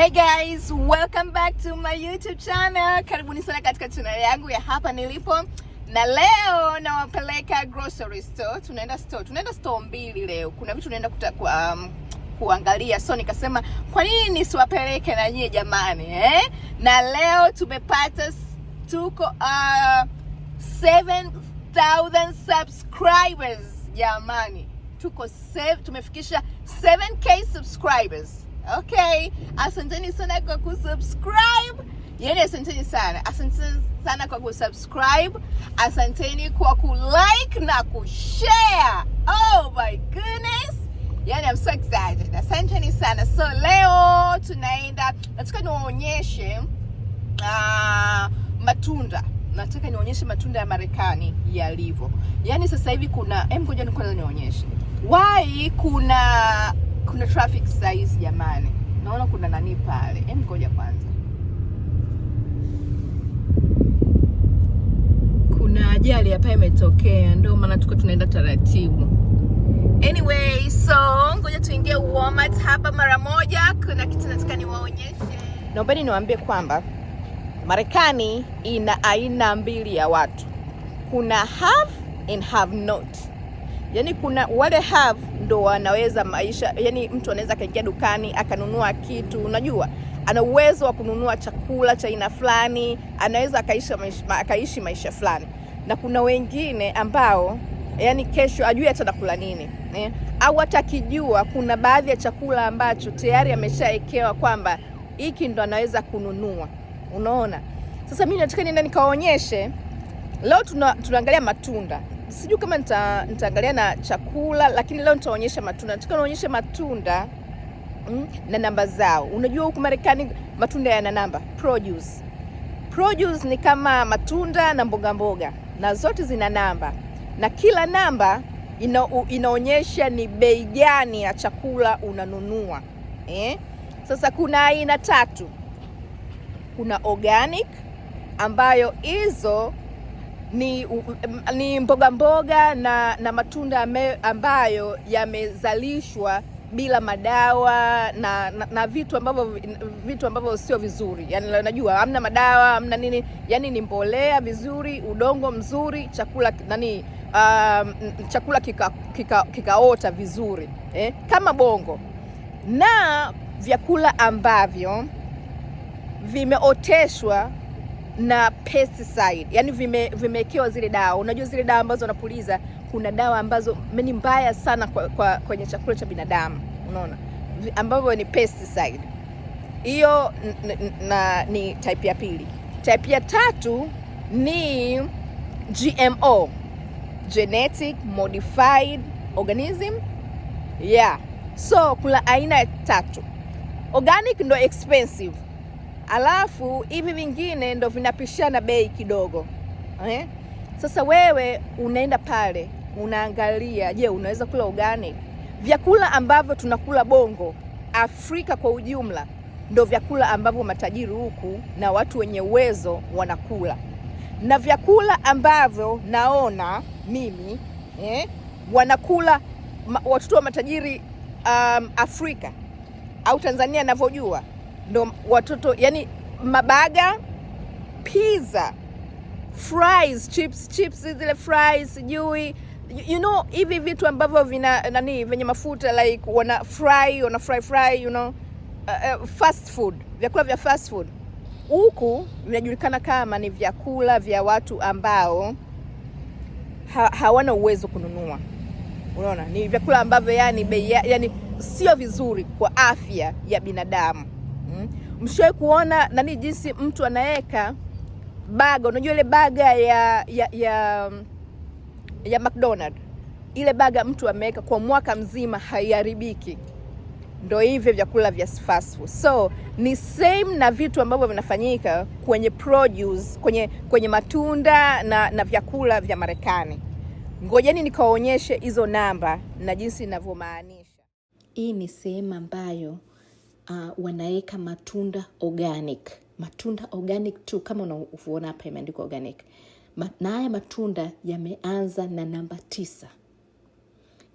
Hey guys, welcome back to my YouTube channel. Karibuni sana katika channel yangu ya hapa nilipo, na leo nawapeleka grocery store. Tunaenda store, tunaenda store mbili leo. Kuna vitu tunaenda um, kuangalia, so nikasema kwa nini nisiwapeleke na nyie jamani eh? Na leo tumepata tuko uh, 7000 subscribers jamani, tuko save, tumefikisha 7k subscribers Okay, asanteni sana kwa kusubscribe. yani asanteni sana, asanteni sana kwa kusubscribe, asanteni kwa kulike na kushare. Oh my goodness. yani I'm so excited. Asanteni sana. So leo tunaenda, nataka niwaonyeshe uh, matunda nataka nionyeshe matunda ya Marekani yalivyo. yani sasa hivi kuna, hebu ngoja nionyeshe wai kuna kuna traffic size jamani, naona kuna nani pale. Hem, ngoja kwanza, kuna ajali hapa imetokea, ndio maana tuko tunaenda taratibu. Anyway, so ngoja tuingie Walmart hapa mara moja, kuna kitu nataka niwaonyeshe. Naombeni niwaambie kwamba Marekani ina aina mbili ya watu, kuna have and have not yani kuna wale have ndo wanaweza maisha, yani mtu anaweza akaingia dukani akanunua kitu, unajua ana uwezo wa kununua chakula cha aina fulani, anaweza akaishi maisha, akaishi maisha fulani. Na kuna wengine ambao yani kesho ajui hata nakula nini eh? au hata akijua kuna baadhi ya chakula ambacho tayari ameshaekewa kwamba hiki ndo anaweza kununua. Unaona, sasa mimi nataka nienda nikaonyeshe leo tuna, tunaangalia matunda sijui kama nita, nitaangalia na chakula, lakini leo nitaonyesha matunda. Nataka nionyeshe matunda mm, na namba zao. Unajua huku Marekani matunda yana namba, produce. Produce ni kama matunda na mboga mboga, na zote zina namba, na kila namba ina, inaonyesha ni bei gani ya chakula unanunua eh? Sasa kuna aina tatu, kuna organic ambayo hizo ni, ni mboga mboga na, na matunda ambayo yamezalishwa bila madawa na, na, na vitu ambavyo vitu ambavyo sio vizuri, yani unajua hamna madawa hamna nini, yani ni mbolea vizuri, udongo mzuri, chakula nani, um, chakula kikaota kika, kika vizuri eh, kama bongo na vyakula ambavyo vimeoteshwa na pesticide, yani vimewekewa vimekewa zile dawa. Unajua zile dawa ambazo wanapuliza, kuna dawa ambazo ni mbaya sana kwa, kwa, kwenye chakula cha binadamu unaona, ambavyo ni pesticide. Hiyo na ni type ya pili. Type ya tatu ni GMO, genetic modified organism. Yeah, so kuna aina ya tatu. Organic ndo expensive alafu hivi vingine ndo vinapishana bei kidogo eh? Sasa wewe unaenda pale unaangalia, je, unaweza kula ugani Vyakula ambavyo tunakula Bongo, Afrika kwa ujumla, ndo vyakula ambavyo matajiri huku na watu wenye uwezo wanakula, na vyakula ambavyo naona mimi eh, wanakula watoto wa matajiri um, Afrika au Tanzania navyojua ndo watoto yani mabaga, pizza, fries, chips, chips zile fries sijui you know hivi vitu ambavyo vina nani venye mafuta like wana fry wana fry fry you know uh, uh, fast food, vyakula vya fast food huku vinajulikana kama ni vyakula vya watu ambao ha, hawana uwezo kununua. Unaona, ni vyakula ambavyo yani bei yani sio vizuri kwa afya ya binadamu mm. kuona nani jinsi mtu anaweka baga, unajua ile baga ya ya ya, ya McDonald, ile baga mtu ameweka kwa mwaka mzima haiharibiki. Ndo hivyo vyakula vya fast food. So ni same na vitu ambavyo vinafanyika kwenye produce, kwenye, kwenye matunda na, na vyakula vya Marekani. Ngojeni nikawaonyeshe hizo namba na jinsi inavyomaanisha. Hii ni sehemu ambayo uh, wanaweka matunda organic, matunda organic tu kama unavyoona hapa imeandikwa organic. Ma, na haya matunda yameanza na namba tisa.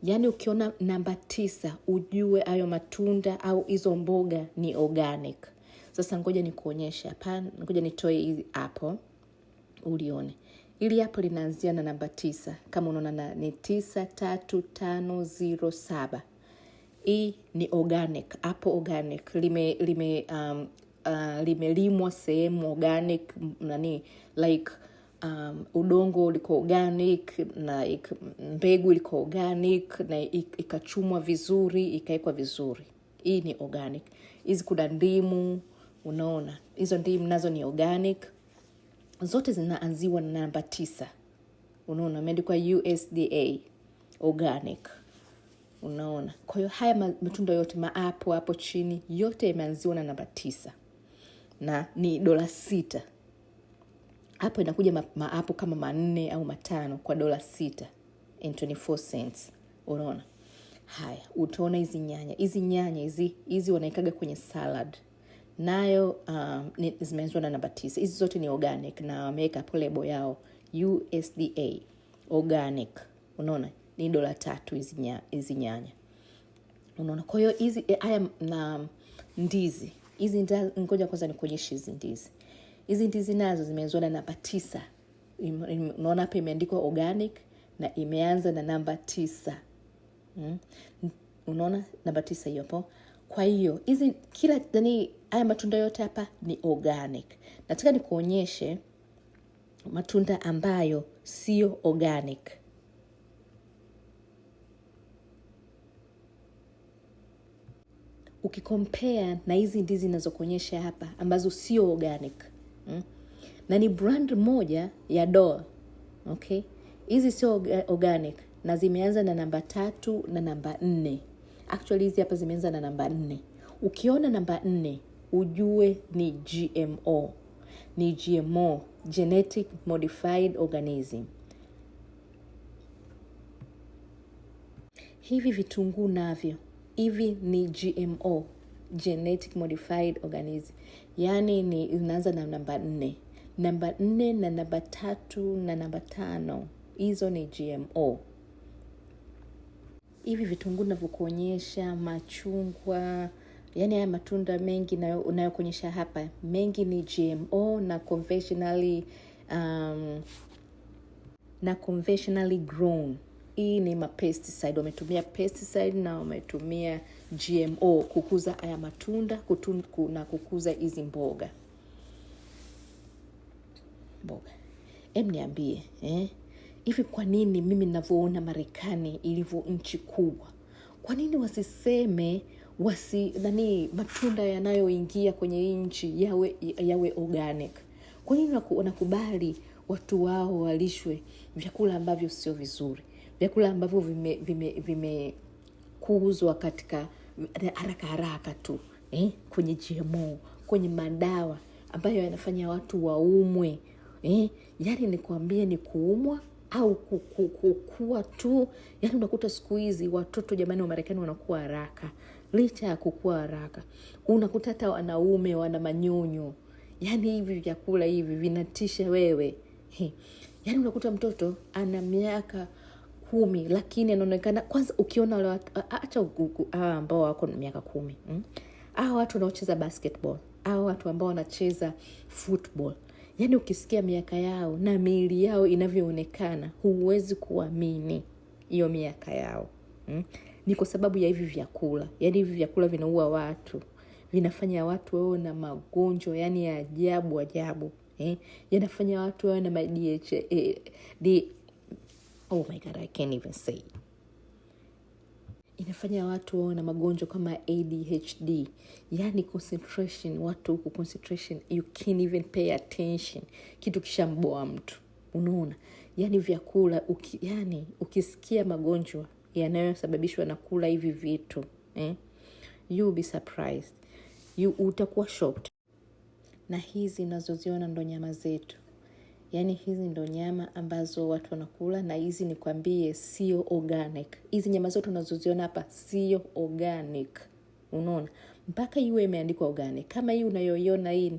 Yaani ukiona namba tisa ujue hayo matunda au hizo mboga ni organic. Sasa ngoja nikuonyeshe hapa, ngoja nitoe hii hapo ulione. Hili hapo linaanzia na namba tisa, kama unaona ni tisa tatu tano ziro saba hii e ni organic hapo organic lime lime um, uh, limelimwa sehemu organic nani like um, udongo uliko organic na ik, mbegu iliko organic na ik, ikachumwa vizuri ikawekwa vizuri hii e ni organic hizi kuna ndimu unaona hizo ndimu nazo ni organic zote zinaanziwa na namba tisa unaona ameandikwa usda organic Unaona, kwa hiyo haya matunda yote maapo hapo chini yote yameanziwa na namba tisa na ni dola sita. Hapo inakuja maapo kama manne au matano kwa dola sita 24 cents. Unaona, haya utaona hizi nyanya hizi nyanya hizi hizi wanaikaga kwenye salad nayo, um, zimeanziwa na namba tisa. Hizi zote ni organic na wameweka hapo lebo yao USDA organic. Unaona ni dola tatu hizi nyanya, unaona. Kwa hiyo hizi eh, haya na ndizi hizi, ngoja kwanza nikuonyeshe hizi ndizi. Hizi ndizi nazo zimeanzwa na namba tisa. Unaona hapa imeandikwa organic na imeanza na namba tisa. Mm. Unaona namba tisa hiyo hapo. Kwa hiyo hizi kila yani, haya matunda yote hapa ni organic. Nataka nikuonyeshe matunda ambayo sio organic. ukikompea na hizi ndizi inazokuonyesha hapa ambazo sio organic mm? na ni brand moja ya doa okay, hizi sio organic na zimeanza na namba tatu na namba nne. Actually hizi hapa zimeanza na namba nne. Ukiona namba nne ujue ni GMO, ni GMO, genetic modified organism. Hivi vitunguu navyo hivi ni GMO, genetic modified organism, yaani ni inaanza na namba nne, namba nne na namba tatu na namba tano, hizo ni GMO. Hivi vitunguu navyokuonyesha, machungwa, yaani haya matunda mengi unayokuonyesha hapa, mengi ni GMO na conventionally, um, na conventionally grown hii e ni mapesticide, wametumia pesticide na wametumia GMO kukuza haya matunda kutunku, na kukuza hizi mboga mboga. Em, niambie eh? Hivi kwa nini mimi ninavyoona Marekani ilivyo nchi kubwa, kwa nini wasiseme wasi nani matunda yanayoingia kwenye hii nchi yawe, yawe organic? Kwa nini wanakubali watu wao walishwe vyakula ambavyo sio vizuri? vyakula ambavyo vimekuzwa vime, vime katika haraka haraka tu eh, kwenye GMO, kwenye madawa ambayo yanafanya watu waumwe eh, yani kuambia ni kuumwa au kukua tu. Yani unakuta siku hizi watoto jamani wa Marekani wanakuwa haraka, licha ya kukua haraka, unakuta hata wanaume wana manyonyo. Yani hivi vyakula hivi vinatisha wewe. Yani unakuta mtoto ana miaka kumi lakini anaonekana kwanza, ukiona acha hawa ambao wako miaka kumi mm? hawa watu wanaocheza basketball, hawa watu ambao wanacheza football, yaani ukisikia miaka yao na miili yao inavyoonekana huwezi kuamini hiyo miaka yao mm? Ni kwa sababu ya hivi vyakula, yaani hivi vyakula vinaua watu, vinafanya watu wao na magonjwa yaani ya ajabu ajabu eh? yanafanya watu wao na ma eh, oh my God, I can't even say. Inafanya watu wawe na magonjwa kama ADHD, yani concentration. Watu huku concentration, you can't even pay attention kitu kishamboa mtu, unaona yani vyakula uki, yani ukisikia magonjwa yanayosababishwa na kula hivi vitu eh? You be surprised, you utakuwa shocked. Na hizi unazoziona ndo nyama zetu. Yaani hizi ndo nyama ambazo watu wanakula, na hizi nikwambie, sio organic. Hizi nyama zote unazoziona hapa sio organic, unaona, mpaka iwe imeandikwa organic. Kama hii unayoiona hii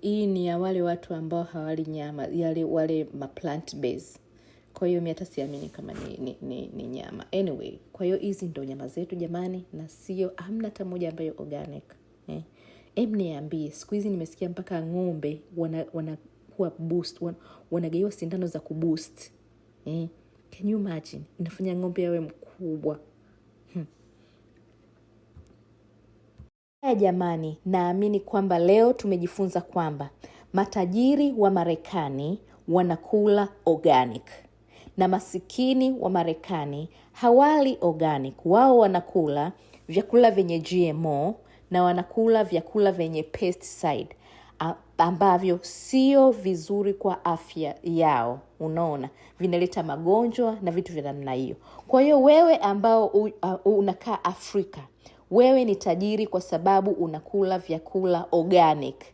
hii ni ya wale watu ambao hawali nyama yale, wale ma plant based. Kwa hiyo mi hata siamini kama ni, ni, ni, ni nyama anyway. Kwa hiyo hizi ndo nyama zetu jamani, na sio hamna hata moja ambayo organic eh. Em, niambie siku hizi nimesikia mpaka ng'ombe wana, wana wanakuwa boost wan, wanagaiwa sindano za kuboost eh? Can you imagine? Inafanya ng'ombe yawe mkubwa hmm. jamani, naamini kwamba leo tumejifunza kwamba matajiri wa Marekani wanakula organic na masikini wa Marekani hawali organic. Wao wanakula vyakula vyenye GMO na wanakula vyakula vyenye pesticide ambavyo sio vizuri kwa afya yao. Unaona, vinaleta magonjwa na vitu vya namna hiyo. Kwa hiyo wewe ambao uh, unakaa Afrika, wewe ni tajiri kwa sababu unakula vyakula organic.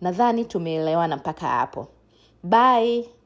Nadhani tumeelewana mpaka hapo. Bye.